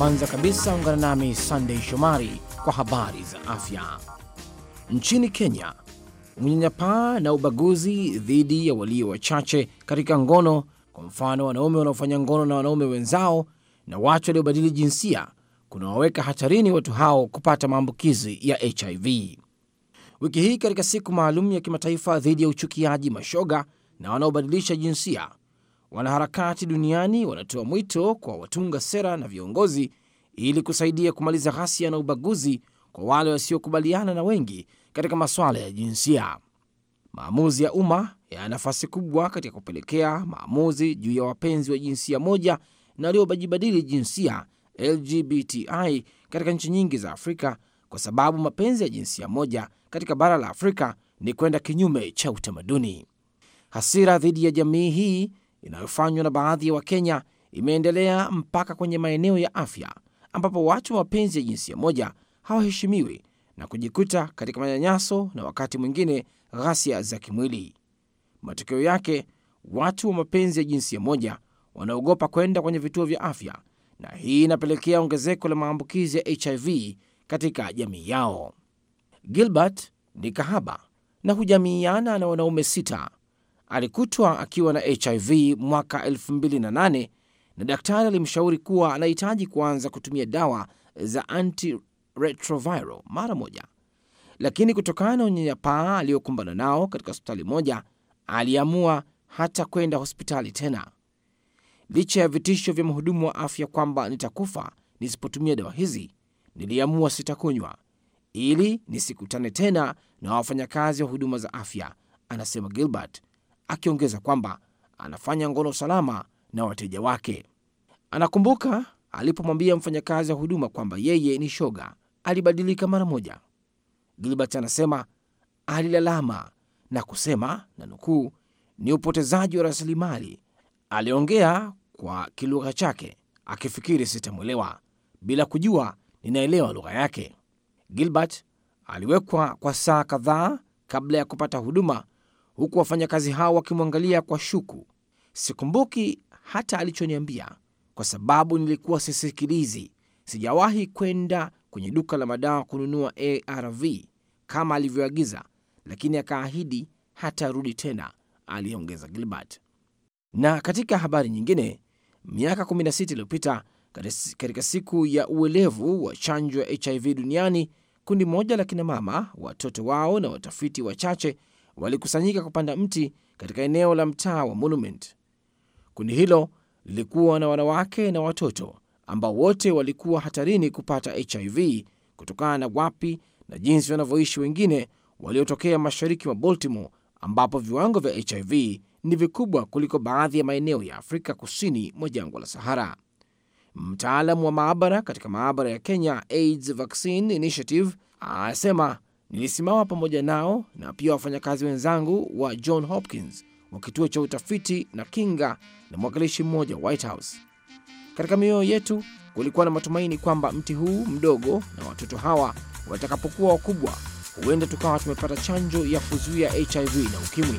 Kwanza kabisa ungana nami Sandey Shomari kwa habari za afya. Nchini Kenya, unyanyapaa na ubaguzi dhidi ya walio wachache katika ngono, kwa mfano wanaume wanaofanya ngono na wanaume wenzao na watu waliobadili jinsia, kunawaweka hatarini watu hao kupata maambukizi ya HIV. Wiki hii katika siku maalum ya kimataifa dhidi ya uchukiaji mashoga na wanaobadilisha jinsia wanaharakati duniani wanatoa mwito kwa watunga sera na viongozi ili kusaidia kumaliza ghasia na ubaguzi kwa wale wasiokubaliana na wengi katika masuala ya jinsia. Maamuzi ya umma yana nafasi kubwa katika kupelekea maamuzi juu ya wapenzi wa jinsia moja na waliojibadili jinsia LGBTI katika nchi nyingi za Afrika, kwa sababu mapenzi ya jinsia moja katika bara la Afrika ni kwenda kinyume cha utamaduni. Hasira dhidi ya jamii hii inayofanywa na baadhi ya Wakenya imeendelea mpaka kwenye maeneo ya afya ambapo watu wa mapenzi ya jinsia moja hawaheshimiwi na kujikuta katika manyanyaso na wakati mwingine ghasia za kimwili. Matokeo yake, watu wa mapenzi ya jinsia moja wanaogopa kwenda kwenye vituo vya afya, na hii inapelekea ongezeko la maambukizi ya HIV katika jamii yao. Gilbert ni kahaba na hujamiiana na wanaume sita alikutwa akiwa na HIV mwaka 2008 na daktari alimshauri kuwa anahitaji kuanza kutumia dawa za antiretroviral mara moja, lakini kutokana na unyanyapaa aliyokumbana nao katika hospitali moja, aliamua hata kwenda hospitali tena, licha ya vitisho vya mhudumu wa afya kwamba nitakufa nisipotumia dawa hizi. Niliamua sitakunywa ili nisikutane tena na wafanyakazi wa huduma za afya, anasema Gilbert akiongeza kwamba anafanya ngono salama na wateja wake. Anakumbuka alipomwambia mfanyakazi wa huduma kwamba yeye ni shoga, alibadilika mara moja. Gilbert anasema alilalama na kusema na nukuu, ni upotezaji wa rasilimali. Aliongea kwa kilugha chake akifikiri sitamwelewa, bila kujua ninaelewa lugha yake. Gilbert aliwekwa kwa saa kadhaa kabla ya kupata huduma huku wafanyakazi hao wakimwangalia kwa shuku. Sikumbuki hata alichoniambia kwa sababu nilikuwa sisikilizi. Sijawahi kwenda kwenye duka la madawa kununua ARV kama alivyoagiza, lakini akaahidi hatarudi tena, aliyeongeza Gilbert. Na katika habari nyingine, miaka 16 iliyopita katika siku ya uelevu wa chanjo ya HIV duniani, kundi moja la kinamama, watoto wao na watafiti wachache walikusanyika kupanda mti katika eneo la mtaa wa Monument. Kundi hilo lilikuwa na wanawake na watoto ambao wote walikuwa hatarini kupata HIV kutokana na wapi na jinsi wanavyoishi wengine waliotokea mashariki mwa Baltimore, ambapo viwango vya HIV ni vikubwa kuliko baadhi ya maeneo ya Afrika kusini mwa jangwa la Sahara. Mtaalamu wa maabara katika maabara ya Kenya AIDS Vaccine Initiative anasema Nilisimama pamoja nao na pia wafanyakazi wenzangu wa John Hopkins wa kituo cha utafiti na kinga na mwakilishi mmoja White House. Katika mioyo yetu kulikuwa na matumaini kwamba mti huu mdogo na watoto hawa watakapokuwa wakubwa, huenda tukawa tumepata chanjo ya kuzuia HIV na ukimwi.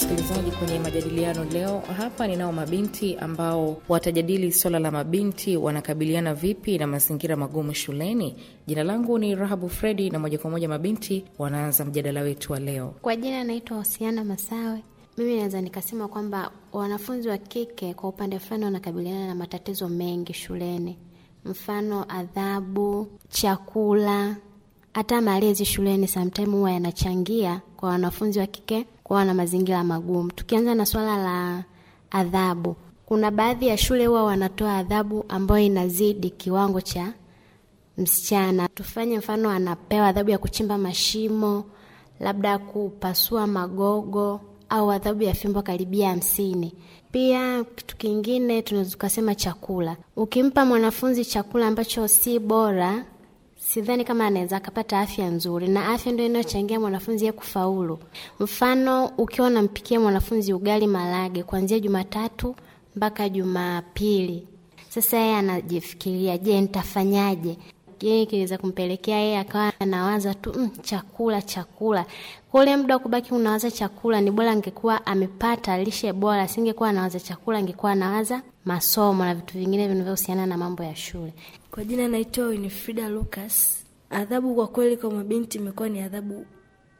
msikilizaji, kwenye majadiliano leo hapa ninao mabinti ambao watajadili swala la mabinti wanakabiliana vipi na mazingira magumu shuleni. Jina langu ni Rahabu Fredi na moja kwa moja mabinti wanaanza mjadala wetu wa leo. Kwa jina naitwa Husiana Masawe. Mimi naweza nikasema kwamba wanafunzi wa kike kwa upande fulani wanakabiliana na matatizo mengi shuleni, mfano adhabu, chakula, hata malezi shuleni. Samtaimu huwa yanachangia kwa wanafunzi wa kike wawe na mazingira magumu. Tukianza na swala la adhabu, kuna baadhi ya shule huwa wanatoa adhabu ambayo inazidi kiwango cha msichana. Tufanye mfano, anapewa adhabu ya kuchimba mashimo, labda kupasua magogo au adhabu ya fimbo karibia hamsini. Pia kitu kingine tunaweza tukasema chakula. Ukimpa mwanafunzi chakula ambacho si bora sidhani kama anaweza akapata afya nzuri, na afya ndio inayochangia mwanafunzi ye kufaulu. Mfano, ukiwa unampikia mwanafunzi ugali malage kuanzia Jumatatu mpaka Jumapili, sasa yeye anajifikiria, je, nitafanyaje? kingine kinaweza kumpelekea yeye akawa anawaza tu mm, chakula chakula. Kwa muda wa kubaki unawaza chakula, ni bora angekuwa amepata lishe bora, asingekuwa anawaza chakula, angekuwa anawaza masomo na vitu vingine vinavyohusiana na mambo ya shule. Kwa jina naitwa Winifrida Lucas. Adhabu kwa kweli kwa mabinti imekuwa ni adhabu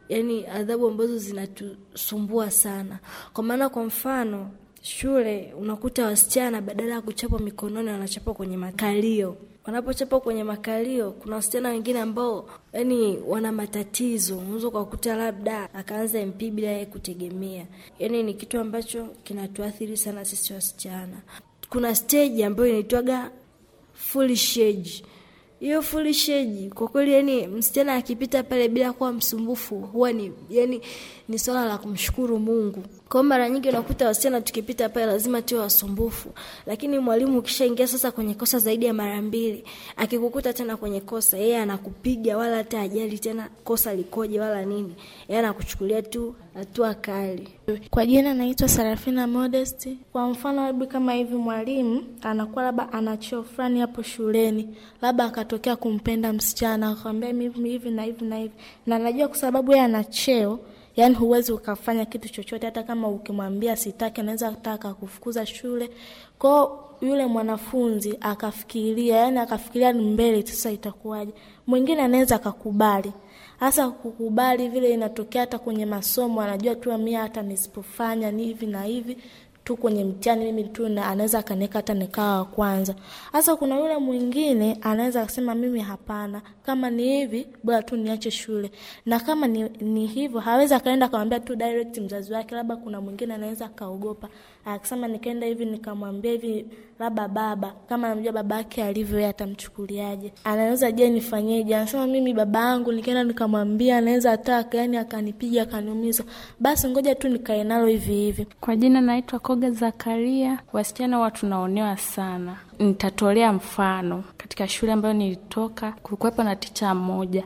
yani adhabu ambazo zinatusumbua sana, kwa maana kwa mfano shule unakuta wasichana badala ya kuchapwa mikononi wanachapwa kwenye makalio. Wanapochapwa kwenye makalio, kuna wasichana wengine ambao yani wana matatizo, unaweza ukakuta labda akaanza MP bila yeye kutegemea. Yani ni kitu ambacho kinatuathiri sana sisi wasichana. Kuna stage ambayo inaitwaga foolishage. Hiyo foolishage kwa kweli, yani msichana akipita pale bila kuwa msumbufu, huwa ni yani ni swala la kumshukuru Mungu. Kwa mara nyingi unakuta wasichana tukipita pale lazima tuwe wasumbufu, lakini mwalimu ukishaingia sasa kwenye kosa zaidi ya mara mbili, akikukuta tena kwenye kosa, yeye anakupiga wala hata ajali tena kosa likoje wala nini, yeye anakuchukulia tu hatua kali. Kwa jina naitwa Sarafina Modest. Kwa mfano labda kama hivi mwalimu anakuwa labda ana cheo fulani hapo shuleni, labda akatokea kumpenda msichana akamwambia hivi na hivi na hivi, na najua kwa sababu yeye ana cheo yani huwezi ukafanya kitu chochote, hata kama ukimwambia sitaki, anaweza ataka kufukuza shule kwao. Yule mwanafunzi akafikiria, yani akafikiria mbele, sasa itakuwaje? Mwingine anaweza akakubali hasa kukubali vile, inatokea hata kwenye masomo, anajua tu mimi hata nisipofanya ni hivi na hivi, tu kwenye mtihani, mimi tu na anaweza akaniweka hata nikawa wa kwanza. Hasa kuna yule mwingine anaweza akasema mimi hapana, kama ni hivi bora tu niache shule, na kama ni, ni hivyo hawezi akaenda akamwambia tu direct mzazi wake, labda kuna mwingine anaweza akaogopa Ah, akasema nikaenda hivi nikamwambia hivi, labda baba kama anamjua baba yake alivyo, ye atamchukuliaje, anaweza je, nifanyeje? Anasema mimi baba yangu nikaenda nikamwambia, anaweza ataka yani akanipiga akaniumiza, basi ngoja tu nikae nalo hivi hivi. Kwa jina naitwa Koga Zakaria. Wasichana huwa tunaonewa sana. Nitatolea mfano, katika shule ambayo nilitoka kulikuwepo na ticha mmoja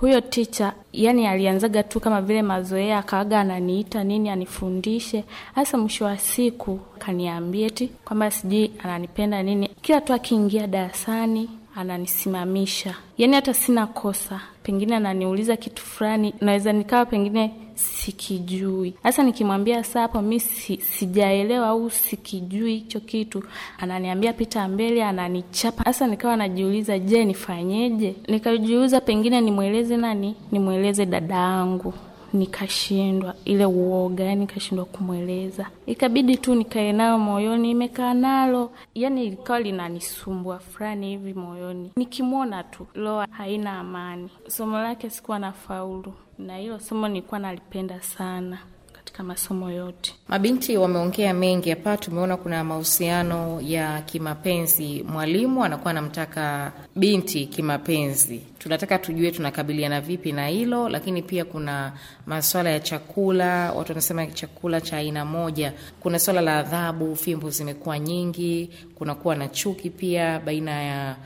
huyo ticha yani alianzaga tu kama vile mazoea, akawaga ananiita nini anifundishe. Hasa mwisho wa siku akaniambia ti kwamba sijui ananipenda nini, kila tu akiingia darasani ananisimamisha, yani hata sina kosa pengine ananiuliza kitu fulani, naweza nikawa pengine sikijui. hasa nikimwambia saa hapo mi si, sijaelewa au sikijui hicho kitu, ananiambia pita mbele, ananichapa. Hasa nikawa najiuliza, je, nifanyeje? Nikajiuliza pengine nimweleze nani? Nimweleze dada yangu nikashindwa ile uoga, yani nikashindwa kumweleza, ikabidi tu nikae nayo moyoni, imekaa nalo, yani ilikawa linanisumbua fulani hivi moyoni, nikimwona tu loa haina amani. Somo lake sikuwa na faulu, na hilo somo nilikuwa nalipenda sana katika masomo yote. Mabinti wameongea mengi hapa, tumeona kuna mahusiano ya kimapenzi, mwalimu anakuwa anamtaka binti kimapenzi. Tunataka tujue tunakabiliana vipi na hilo, lakini pia kuna maswala ya chakula, watu wanasema chakula cha aina moja. Kuna swala la adhabu, fimbo zimekuwa nyingi, kunakuwa na chuki pia baina ya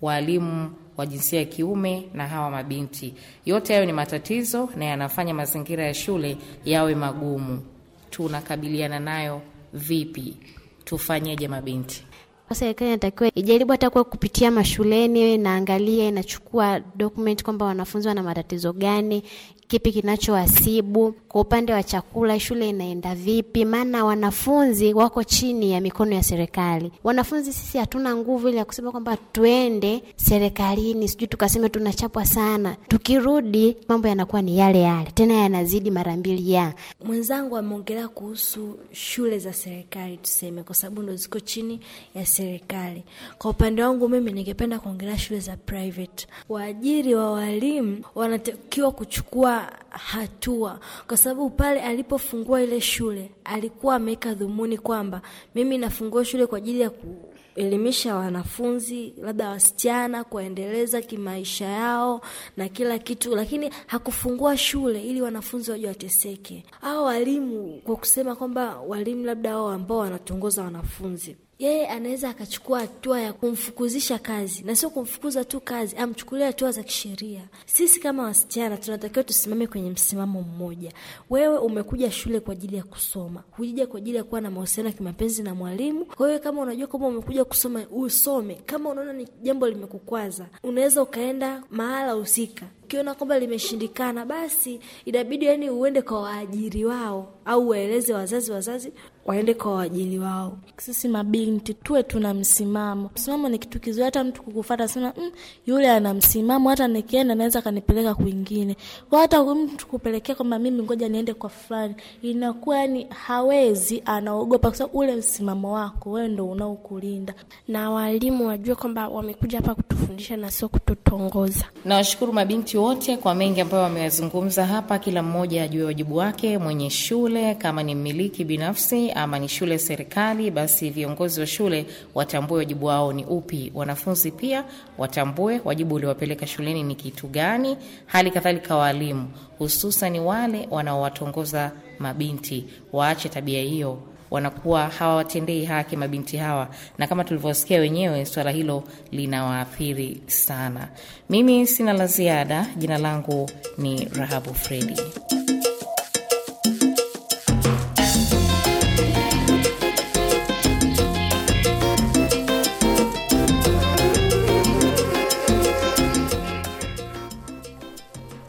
waalimu wa jinsia ya kiume na hawa mabinti. Yote hayo ni matatizo na yanafanya mazingira ya shule yawe magumu. Tunakabiliana nayo vipi? Tufanyeje mabinti? Serikali inatakiwa ijaribu hata kwa kupitia mashuleni, inaangalia inachukua document kwamba wanafunzi wana matatizo gani, kipi kinachowasibu, kwa upande wa chakula, shule inaenda vipi? Maana wanafunzi wako chini ya mikono ya serikali. Wanafunzi sisi hatuna nguvu ile ya kusema kwamba tuende serikalini, sijui tukaseme tunachapwa sana. Tukirudi mambo yanakuwa ni yale yale, tena yanazidi mara mbili. Ya mwenzangu ameongelea kuhusu shule za serikali, tuseme kwa sababu ndo ziko chini ya serikali. Kwa upande wangu mimi ningependa kuongelea shule za private. Waajiri wa walimu wanatakiwa kuchukua hatua kwa sababu pale alipofungua ile shule alikuwa ameweka dhumuni kwamba mimi nafungua shule kwa ajili ya kuelimisha wanafunzi, labda wasichana, kuwaendeleza kimaisha yao na kila kitu, lakini hakufungua shule ili wanafunzi waje wateseke. au walimu kwa kusema kwamba walimu labda wao ambao wanatongoza wanafunzi yeye anaweza akachukua hatua ya kumfukuzisha kazi, na sio kumfukuza tu kazi, amchukulia hatua za kisheria. Sisi kama wasichana tunatakiwa tusimame kwenye msimamo mmoja. Wewe umekuja shule kwa ajili ya kusoma, hujija kwa ajili ya kuwa na mahusiano ya kimapenzi na mwalimu. Kwa hiyo kama unajua kwamba umekuja kusoma, usome. Kama unaona ni jambo limekukwaza, unaweza ukaenda mahala husika ukiona kwamba limeshindikana, basi inabidi yani uende kwa waajiri wao au waeleze wazazi. Wazazi waende kwa waajili wao. Sisi mabinti tuwe tuna msimamo. Msimamo ni kitu kizuri, hata mtu kukufata sema mm, yule ana msimamo, hata nikienda naweza kanipeleka kwingine, kwa hata mtu kupelekea kwamba mimi ngoja niende kwa fulani, inakuwa yani hawezi, anaogopa kwa sababu ule msimamo wako wewe ndo unaokulinda. Na walimu wajue kwamba wamekuja hapa kutufundisha na sio kututongoza. Nawashukuru mabinti wote kwa mengi ambayo wameyazungumza hapa, kila mmoja ajue wajibu wake, mwenye shule kama ni mmiliki binafsi ama ni shule serikali, basi viongozi wa shule watambue wajibu wao ni upi. Wanafunzi pia watambue wajibu uliowapeleka shuleni ni kitu gani. Hali kadhalika waalimu, hususan wale wanaowatongoza mabinti, waache tabia hiyo wanakuwa hawawatendei haki mabinti hawa, na kama tulivyosikia wenyewe, swala hilo linawaathiri sana. Mimi sina la ziada. Jina langu ni Rahabu Fredi.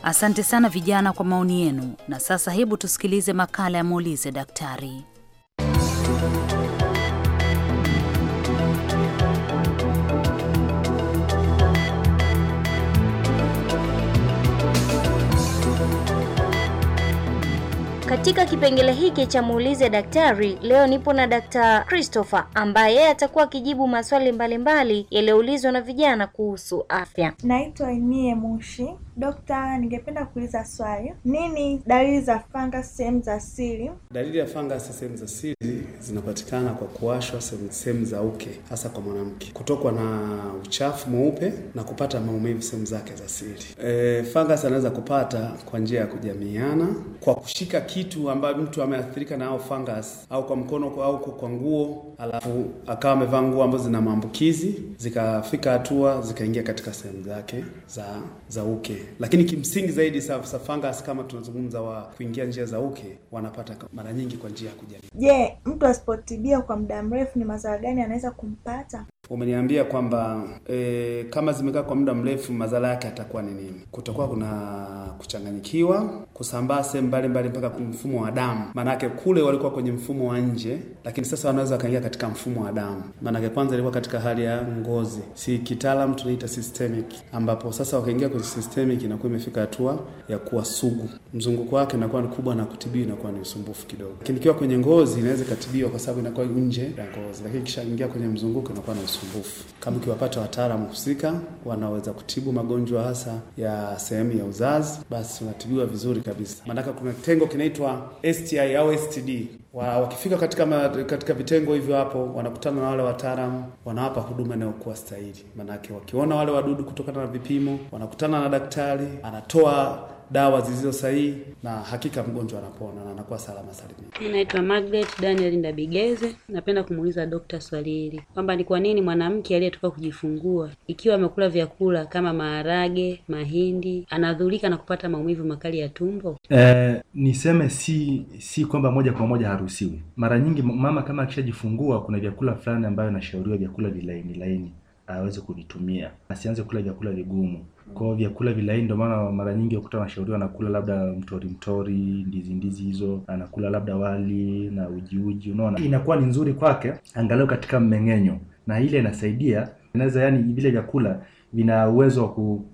Asante sana vijana kwa maoni yenu, na sasa hebu tusikilize makala ya muulize daktari. Katika kipengele hiki cha muulize daktari leo nipo na Daktari Christopher ambaye yeye atakuwa akijibu maswali mbalimbali yaliyoulizwa na vijana kuhusu afya. Naitwa Emie Mushi Dokta, ningependa kuuliza swali, nini dalili za fungus sehemu za siri? Dalili ya fungus sehemu za siri zinapatikana kwa kuwashwa sehemu za uke, hasa kwa mwanamke, kutokwa na uchafu mweupe na kupata maumivu sehemu zake za siri. E, fungus anaweza kupata kwa njia ya kujamiana, kwa kushika kitu ambayo mtu ameathirika na hao fungus, au kwa mkono au kwa nguo, alafu akawa amevaa nguo ambazo zina maambukizi, zikafika hatua zikaingia katika sehemu zake za, za uke lakini kimsingi zaidi sa fungus kama tunazungumza wa kuingia njia za uke wanapata mara nyingi kwa njia ya kujamiiana. Je, yeah, mtu asipotibia kwa muda mrefu ni madhara gani anaweza kumpata? umeniambia kwamba e, kama zimekaa kwa muda mrefu madhara yake atakuwa ni nini? Kutakuwa kuna kuchanganyikiwa, kusambaa sehemu mbalimbali mpaka mfumo wa damu. Maanake kule walikuwa kwenye mfumo wa nje, lakini sasa wanaweza wakaingia katika mfumo wa damu. Maanake kwanza ilikuwa katika hali ya ngozi, si kitaalam tunaita systemic, ambapo sasa wakaingia kwenye systemic, inakuwa imefika hatua ya kuwa sugu, mzunguko wake inakuwa ni kubwa na kutibiwa inakuwa ni usumbufu kidogo, lakini ikiwa kwenye ngozi inaweza ikatibiwa kwa sababu inakuwa nje ya ngozi, lakini kisha ingia kwenye mzunguko inakuwa na usumbufu usumbufu. Kama ukiwapata wataalamu husika wanaweza kutibu magonjwa hasa ya sehemu ya uzazi, basi unatibiwa vizuri kabisa. Maanake kuna kitengo kinaitwa STI au STD. Wa, wakifika katika ma, katika vitengo hivyo hapo wanakutana na wale wataalamu, wanawapa huduma inayokuwa stahili. Maanake wakiona wale wadudu kutokana na vipimo, wanakutana na daktari anatoa dawa zilizo sahihi, na hakika mgonjwa anapona na anakuwa salama salimini. Mimi naitwa Margaret Daniel Ndabigeze. Napenda kumuuliza Dokta swali hili kwamba ni kwa nini mwanamke aliyetoka kujifungua ikiwa amekula vyakula kama maharage, mahindi anadhulika na kupata maumivu makali ya tumbo? Eh, niseme si si kwamba moja kwa moja haruhusiwi. Mara nyingi mama kama akishajifungua, kuna vyakula fulani ambayo anashauriwa, vyakula vilaini laini aweze kuvitumia, asianze kula vyakula vigumu kwa vyakula vilaini, ndio maana mara nyingi ukuta wanashauriwa anakula labda mtori mtori, ndizi ndizi hizo, anakula labda wali na uji uji, unaona inakuwa ni nzuri kwake angalau katika mmeng'enyo, na ile inasaidia inaweza, yani vile vyakula vina uwezo wa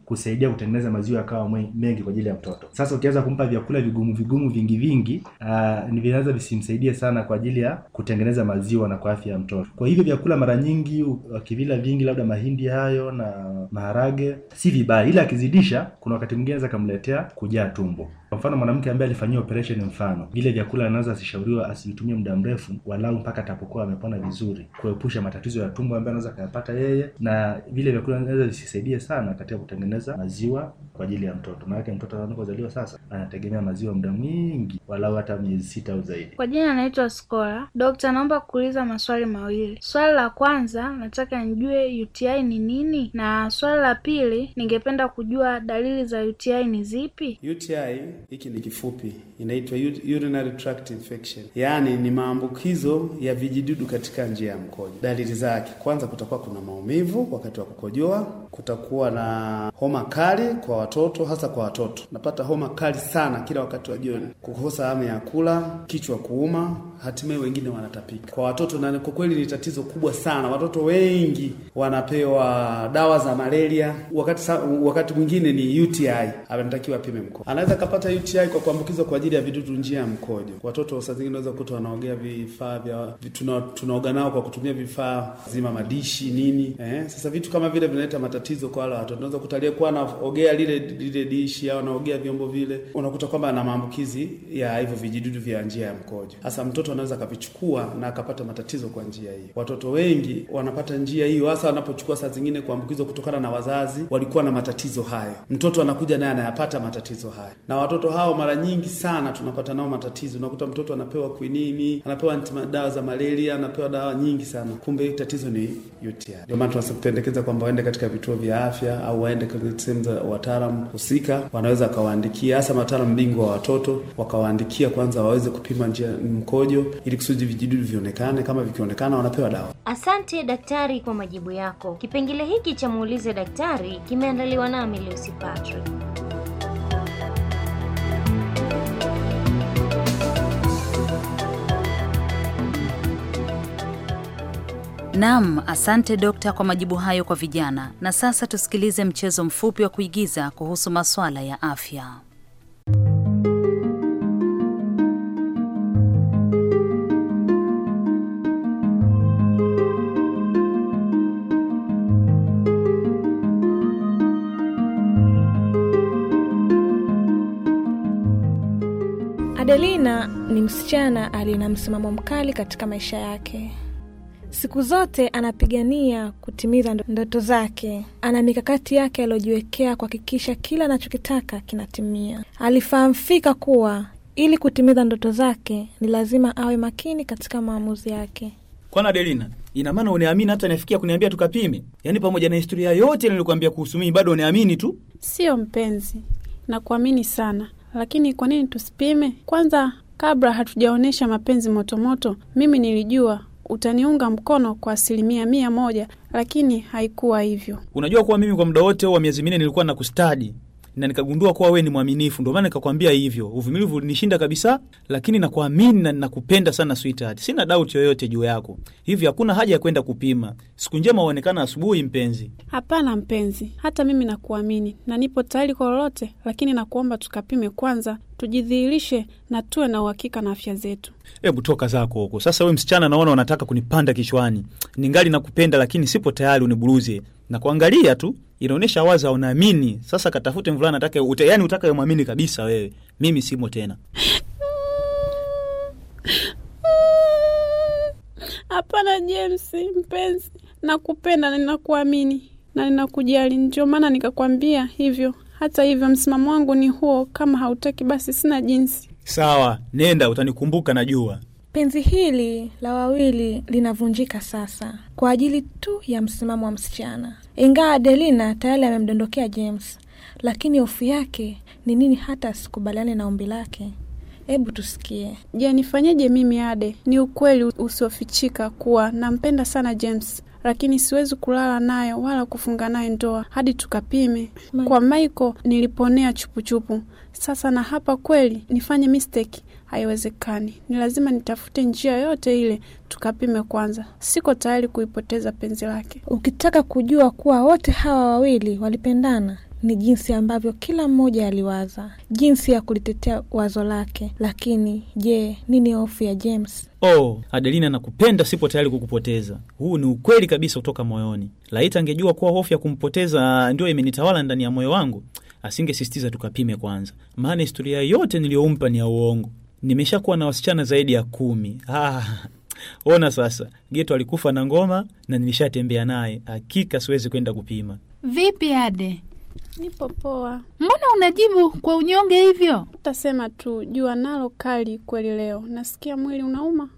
kusaidia kutengeneza maziwa yakawa mengi kwa ajili ya mtoto. Sasa ukianza kumpa vyakula vigumu vigumu vingi vingi, uh, ni vinaweza visimsaidie sana kwa ajili ya kutengeneza maziwa na kwa afya ya mtoto. Kwa hivyo vyakula mara nyingi wakivila vingi, labda mahindi hayo na maharage, si vibaya, ila akizidisha, kuna wakati mwingine anaweza akamletea kujaa tumbo. Kwa mfano mwanamke ambaye alifanyiwa operation, mfano vile vyakula anaweza asishauriwa asitumie muda mrefu, walau mpaka atapokuwa amepona vizuri, kuepusha matatizo ya tumbo ambayo anaweza akayapata yeye, na vile vyakula anaweza visisaidie sana katika kutengeneza kutengeneza maziwa kwa ajili ya mtoto. Maanake mtoto anapozaliwa sasa anategemea maziwa muda mwingi, walau hata miezi sita au zaidi. Kwa jina anaitwa Skola. Dokta, naomba kuuliza maswali mawili. Swali la kwanza nataka nijue UTI ni nini, na swali la pili ningependa kujua dalili za UTI ni zipi? UTI hiki ni kifupi, inaitwa urinary tract infection, yaani ni maambukizo ya vijidudu katika njia ya mkojo. Dalili zake, kwanza kutakuwa kuna maumivu wakati wa kukojoa kutakuwa na homa kali kwa watoto, hasa kwa watoto. Napata homa kali sana kila wakati wa jioni, kukosa hamu ya kula, kichwa kuuma, hatimaye wengine wanatapika. Kwa watoto na kwa kweli ni tatizo kubwa sana. Watoto wengi wanapewa dawa za malaria, wakati wakati mwingine ni UTI. Anatakiwa apime mkojo, anaweza kapata UTI kwa kuambukizwa kwa ajili ya vidudu njia ya mkojo. Watoto saa zingine unaweza kukuta wanaogea vifaa vya tunaoga nao kwa kutumia vifaa zima madishi nini, eh? Sasa vitu kama vile vinaleta tatizo kwa wale watu. Unaweza kuta aliyekuwa anaogea lile lile dishi au anaogea vyombo vile, unakuta kwamba ana maambukizi ya hivyo vijidudu vya njia ya mkojo. Hasa mtoto anaweza akavichukua na akapata matatizo kwa njia hiyo. Watoto wengi wanapata njia hiyo, hasa wanapochukua saa zingine kuambukizwa kutokana na wazazi walikuwa na matatizo hayo, mtoto anakuja naye anayapata matatizo hayo. Na watoto hao mara nyingi sana tunapata nao matatizo, unakuta mtoto anapewa kwinini, anapewa dawa za malaria, anapewa dawa nyingi sana, kumbe tatizo ni UTI. Ndio maana tunapendekeza kwamba waende katika vituo vituo vya afya au waende kwenye sehemu za wataalam husika, wanaweza wakawaandikia, hasa wataalam bingwa wa watoto, wakawaandikia kwanza waweze kupima njia mkojo, ili kusudi vijidudu vionekane. Kama vikionekana, wanapewa dawa. Asante daktari kwa majibu yako. Kipengele hiki cha muulize daktari kimeandaliwa nami Lucy Patrick. Naam, asante dokta kwa majibu hayo kwa vijana. Na sasa tusikilize mchezo mfupi wa kuigiza kuhusu masuala ya afya. Adelina ni msichana aliye na msimamo mkali katika maisha yake. Siku zote anapigania kutimiza ndoto zake. Ana mikakati yake aliyojiwekea kuhakikisha kila anachokitaka kinatimia. Alifahamfika kuwa ili kutimiza ndoto zake ni lazima awe makini katika maamuzi yake. Kwana Delina, ina maana uniamini hata nafikia kuniambia tukapime? Yaani pamoja na historia yote nilikwambia kuhusu mimi, bado uniamini tu? Sio mpenzi, nakuamini sana, lakini kwa nini tusipime kwanza? Kabla hatujaonyesha mapenzi motomoto, mimi nilijua utaniunga mkono kwa asilimia mia moja, lakini haikuwa hivyo. Unajua kuwa mimi kwa muda wote wa miezi minne nilikuwa na kustadi na nikagundua kuwa wewe ni mwaminifu, ndio maana nikakwambia hivyo. Uvumilivu ulinishinda kabisa, lakini nakuamini na nakupenda sana sweetheart, sina doubt yoyote juu yako, hivyo hakuna haja ya kwenda kupima. Siku njema huonekana asubuhi, mpenzi. Hapana mpenzi, hata mimi nakuamini na nipo tayari kwa lolote, lakini nakuomba tukapime kwanza, tujidhihirishe na tuwe na uhakika na afya zetu. Hebu toka zako huko sasa. We msichana, naona unataka kunipanda kichwani. Ningali nakupenda, lakini sipo tayari uniburuze na kuangalia tu inaonyesha wazi aunaamini Sasa katafute mvulana atake ute, yani utakayemwamini kabisa wewe, mimi simo tena. Hapana James mpenzi, nakupenda na ninakuamini na ninakujali, ndio maana nikakwambia hivyo. Hata hivyo msimamo wangu ni huo, kama hautaki basi sina jinsi. Sawa, nenda, utanikumbuka najua. Penzi hili la wawili linavunjika sasa kwa ajili tu ya msimamo wa msichana. Ingawa Adelina tayari amemdondokea James, lakini hofu yake ni nini hata asikubaliane na ombi lake? Hebu tusikie. Je, nifanyeje mimi Ade? Ni ukweli usiofichika kuwa nampenda sana James, lakini siwezi kulala naye wala kufunga naye ndoa hadi tukapime. Kwa Michael niliponea chupuchupu. Sasa na hapa kweli nifanye mistake haiwezekani, ni lazima nitafute njia yote ile, tukapime kwanza. Siko tayari kuipoteza penzi lake. Ukitaka kujua kuwa wote hawa wawili walipendana ni jinsi ambavyo kila mmoja aliwaza jinsi ya kulitetea wazo lake. Lakini je, nini hofu ya James? Oh, Adelina, nakupenda, sipo tayari kukupoteza. Huu ni ukweli kabisa kutoka moyoni. Laiti angejua kuwa hofu ya kumpoteza ndio imenitawala ndani ya moyo wangu, asingesisitiza tukapime kwanza, maana historia yote niliyompa ni ya uongo nimeshakuwa na wasichana zaidi ya kumi. Ah, ona sasa, Geto alikufa na ngoma na nilishatembea naye, hakika siwezi kwenda kupima. Vipi Ade? Nipo poa. Mbona unajibu kwa unyonge hivyo? Utasema tu jua nalo kali kweli leo, nasikia mwili unauma.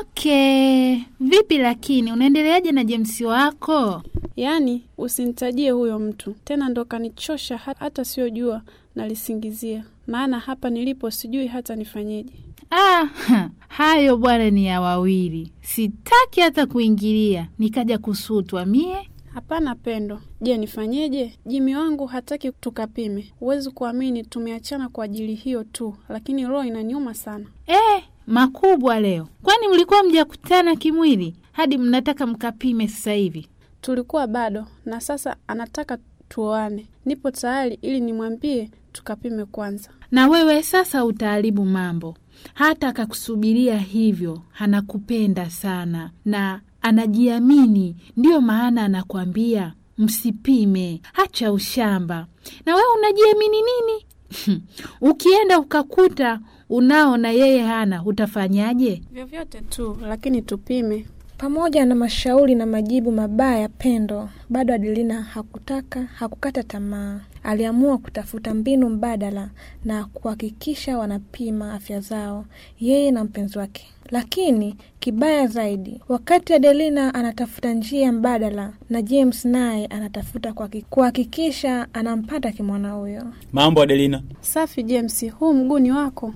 Okay, vipi lakini unaendeleaje na jemsi wako? Yaani usinitajie huyo mtu tena, ndo kanichosha. Hata siyo jua, nalisingizia, maana hapa nilipo sijui hata nifanyeje. Ah, ha, hayo bwana ni ya wawili, sitaki hata kuingilia, nikaja kusutwa mie. Hapana Pendo, je, nifanyeje? Jimi wangu hataki tukapime. Huwezi kuamini, tumeachana kwa ajili hiyo tu, lakini roho inaniuma sana. Eh, makubwa leo! Kwani mlikuwa mjakutana kimwili hadi mnataka mkapime sasa hivi? Tulikuwa bado, na sasa anataka tuoane. Nipo tayari ili nimwambie tukapime kwanza. Na wewe sasa utaharibu mambo. Hata akakusubiria hivyo, anakupenda sana na anajiamini, ndiyo maana anakwambia msipime, hacha ushamba. Na wewe unajiamini nini? Ukienda ukakuta unao na yeye hana, utafanyaje? Vyovyote tu, lakini tupime pamoja na mashauri na majibu mabaya Pendo, bado Adelina hakutaka hakukata tamaa. Aliamua kutafuta mbinu mbadala na kuhakikisha wanapima afya zao yeye na mpenzi wake. Lakini kibaya zaidi, wakati Adelina anatafuta njia mbadala na James naye anatafuta kuhakikisha anampata kimwana huyo. Mambo Adelina? Safi James, huu mguu ni wako.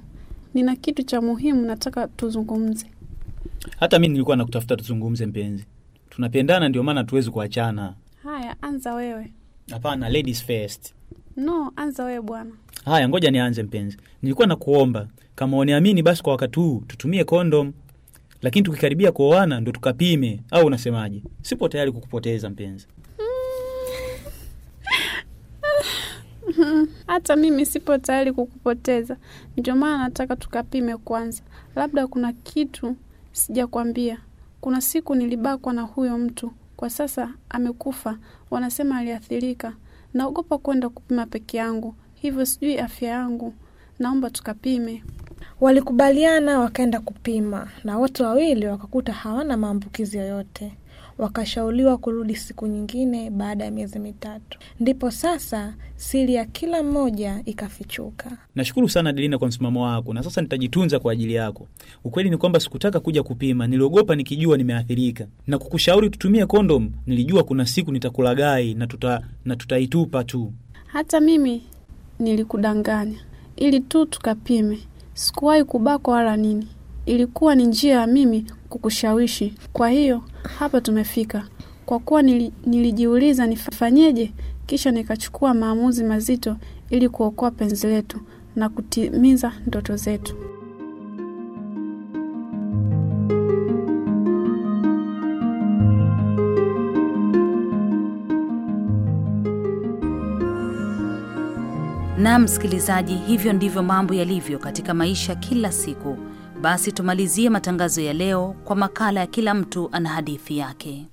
Nina kitu cha muhimu nataka tuzungumze. Hata mi nilikuwa nakutafuta tuzungumze, mpenzi, tunapendana, ndio maana tuwezi kuachana. Haya, anza wewe. Hapana, ladies first. No, anza wewe bwana. Haya, ngoja nianze mpenzi. Nilikuwa nakuomba kama uniamini basi kwa wakati huu tutumie kondom, lakini tukikaribia kuoana ndo tukapime, au unasemaje? Sipo tayari kukupoteza mpenzi. Hata mimi sipo tayari kukupoteza, ndio maana nataka tukapime kwanza, labda kuna kitu Sijakwambia. Kuna siku nilibakwa na huyo mtu. Kwa sasa amekufa, wanasema aliathirika. Naogopa kwenda kupima peke yangu, hivyo sijui afya yangu. Naomba tukapime. Walikubaliana wakaenda kupima, na wote wawili wakakuta hawana maambukizi yoyote wakashauliwa kurudi siku nyingine baada ya miezi mitatu. Ndipo sasa siri ya kila mmoja ikafichuka. Nashukuru sana Delina kwa msimamo wako, na sasa nitajitunza kwa ajili yako. Ukweli ni kwamba sikutaka kuja kupima, niliogopa nikijua nimeathirika, na kukushauri tutumie kondom. Nilijua kuna siku nitakulagai na tuta, na tutaitupa tu. Hata mimi nilikudanganya ili tu tukapime, sikuwahi kubakwa wala nini ilikuwa ni njia ya mimi kukushawishi. Kwa hiyo hapa tumefika. Kwa kuwa nili, nilijiuliza nifanyeje, kisha nikachukua maamuzi mazito ili kuokoa penzi letu na kutimiza ndoto zetu. Na msikilizaji, hivyo ndivyo mambo yalivyo katika maisha kila siku. Basi tumalizie matangazo ya leo kwa makala ya kila mtu ana hadithi yake.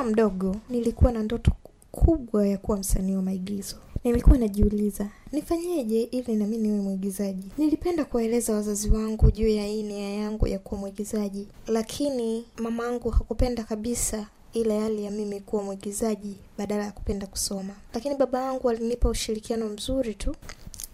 Nikiwa mdogo nilikuwa na ndoto kubwa ya kuwa msanii wa maigizo. Nilikuwa najiuliza nifanyeje ili nami niwe mwigizaji. Nilipenda kuwaeleza wazazi wangu juu ya hii nia yangu ya kuwa mwigizaji, lakini mamangu hakupenda kabisa ile hali ya mimi kuwa mwigizaji badala ya kupenda kusoma. Lakini baba yangu alinipa ushirikiano mzuri tu,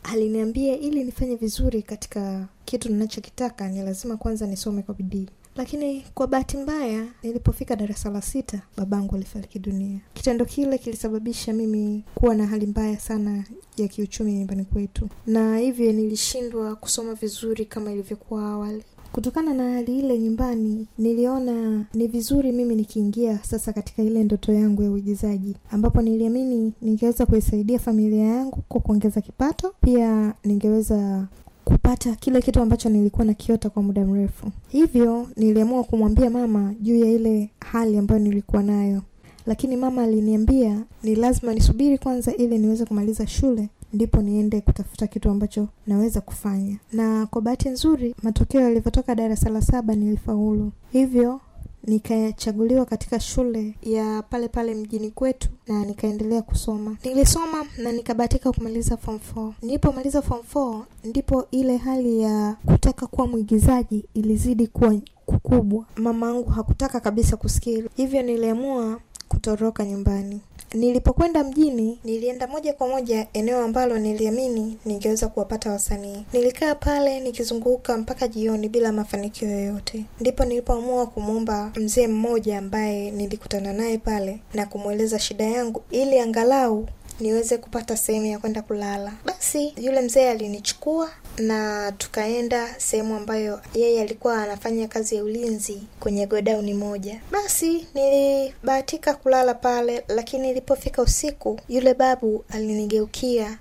aliniambia ili nifanye vizuri katika kitu ninachokitaka ni lazima kwanza nisome kwa bidii. Lakini kwa bahati mbaya, nilipofika darasa la sita babangu alifariki dunia. Kitendo kile kilisababisha mimi kuwa na hali mbaya sana ya kiuchumi nyumbani kwetu, na hivyo nilishindwa kusoma vizuri kama ilivyokuwa awali. Kutokana na hali ile nyumbani, niliona ni vizuri mimi nikiingia sasa katika ile ndoto yangu ya uigizaji, ambapo niliamini ningeweza kuisaidia familia yangu kwa kuongeza kipato, pia ningeweza kupata kile kitu ambacho nilikuwa nakiota kwa muda mrefu. Hivyo niliamua kumwambia mama juu ya ile hali ambayo nilikuwa nayo, lakini mama aliniambia ni lazima nisubiri kwanza ili niweze kumaliza shule ndipo niende kutafuta kitu ambacho naweza kufanya. Na kwa bahati nzuri, matokeo yalivyotoka darasa la saba nilifaulu, hivyo nikachaguliwa katika shule ya pale pale mjini kwetu na nikaendelea kusoma. Nilisoma na nikabahatika kumaliza form 4. Nilipomaliza form 4 ndipo ile hali ya kutaka kuwa mwigizaji ilizidi kuwa kukubwa. Mama angu hakutaka kabisa kusikia hivyo, niliamua kutoroka nyumbani. Nilipokwenda mjini, nilienda moja kwa moja eneo ambalo niliamini ningeweza kuwapata wasanii. Nilikaa pale nikizunguka mpaka jioni bila mafanikio yoyote. Ndipo nilipoamua kumwomba mzee mmoja ambaye nilikutana naye pale na kumweleza shida yangu ili angalau niweze kupata sehemu ya kwenda kulala. Basi yule mzee alinichukua na tukaenda sehemu ambayo yeye alikuwa anafanya kazi ya ulinzi kwenye godauni moja. Basi nilibahatika kulala pale, lakini ilipofika usiku, yule babu alinigeukia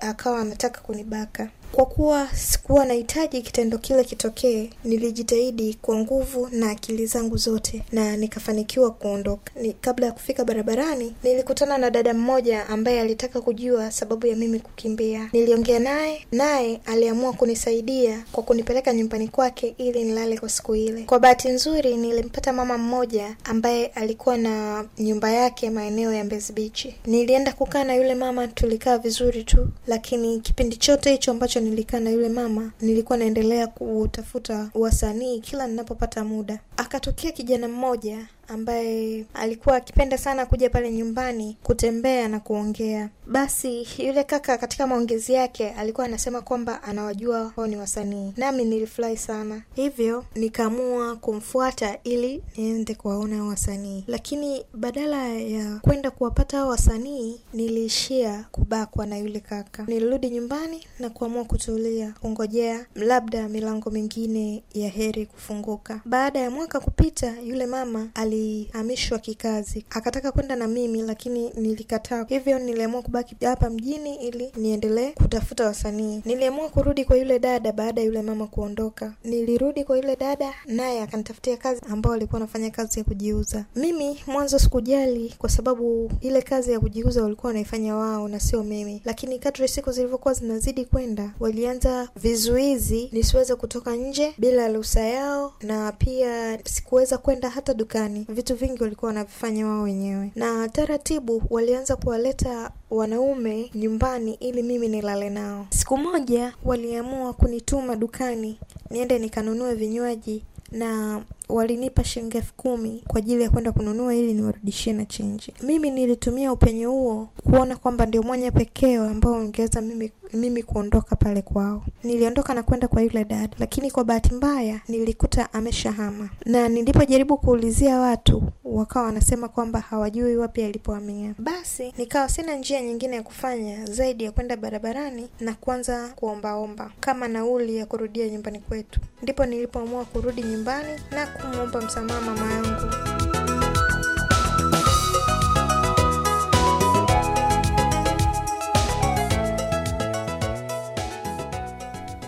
akawa anataka kunibaka. Kwa kuwa sikuwa nahitaji kitendo kile kitokee, nilijitahidi kwa nguvu na akili zangu zote na nikafanikiwa kuondoka. Ni kabla ya kufika barabarani, nilikutana na dada mmoja ambaye alitaka kujua sababu ya mimi kukimbia. Niliongea naye, naye aliamua kunisaidia kwa kunipeleka nyumbani kwake ili nilale kwa siku ile. Kwa bahati nzuri, nilimpata mama mmoja ambaye alikuwa na nyumba yake maeneo ya Mbezi Beach. Nilienda kukaa na yule mama, tulikaa vizuri tu, lakini kipindi chote hicho ambacho ambacho nilikaa na yule mama, nilikuwa naendelea kutafuta wasanii kila ninapopata muda. Akatokea kijana mmoja ambaye alikuwa akipenda sana kuja pale nyumbani kutembea na kuongea. Basi yule kaka katika maongezi yake alikuwa anasema kwamba anawajua wao ni wasanii, nami nilifurahi sana, hivyo nikaamua kumfuata ili niende kuwaona wasanii. Lakini badala ya kwenda kuwapata hao wasanii, niliishia kubakwa na yule kaka. Nilirudi nyumbani na kuamua kutulia, kungojea labda milango mingine ya heri kufunguka. Baada ya mwaka kupita, yule mama ali alihamishwa kikazi, akataka kwenda na mimi, lakini nilikataa. Hivyo niliamua kubaki hapa mjini ili niendelee kutafuta wasanii. Niliamua kurudi kwa yule dada baada ya yule mama kuondoka. Nilirudi kwa yule dada, naye akanitafutia kazi ambao alikuwa anafanya kazi ya kujiuza. Mimi mwanzo sikujali, kwa sababu ile kazi ya kujiuza walikuwa wanaifanya wao na sio mimi, lakini kadri siku zilivyokuwa zinazidi kwenda, walianza vizuizi nisiweze kutoka nje bila ruhusa yao, na pia sikuweza kwenda hata dukani vitu vingi walikuwa wanavifanya wao wenyewe, na taratibu walianza kuwaleta wanaume nyumbani ili mimi nilale nao. Siku moja waliamua kunituma dukani niende nikanunue vinywaji na walinipa shilingi elfu kumi kwa ajili ya kwenda kununua ili niwarudishie na chenji. Mimi nilitumia upenyo huo kuona kwamba ndio mwanya pekee ambao ungeweza mimi, mimi kuondoka pale kwao. Niliondoka na kwenda kwa yule dada, lakini kwa bahati mbaya nilikuta ameshahama, na nilipojaribu kuulizia watu wakawa wanasema kwamba hawajui wapi alipohamia. Basi nikawa sina njia nyingine ya kufanya zaidi ya kwenda barabarani na kuanza kuombaomba kama nauli ya kurudia nyumbani kwetu. Ndipo nilipoamua kurudi nyumbani na kumwomba msamaha mama yangu.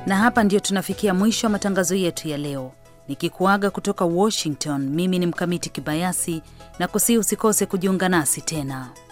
Na hapa ndio tunafikia mwisho wa matangazo yetu ya leo, nikikuaga kutoka Washington. Mimi ni Mkamiti Kibayasi na kusii usikose kujiunga nasi tena.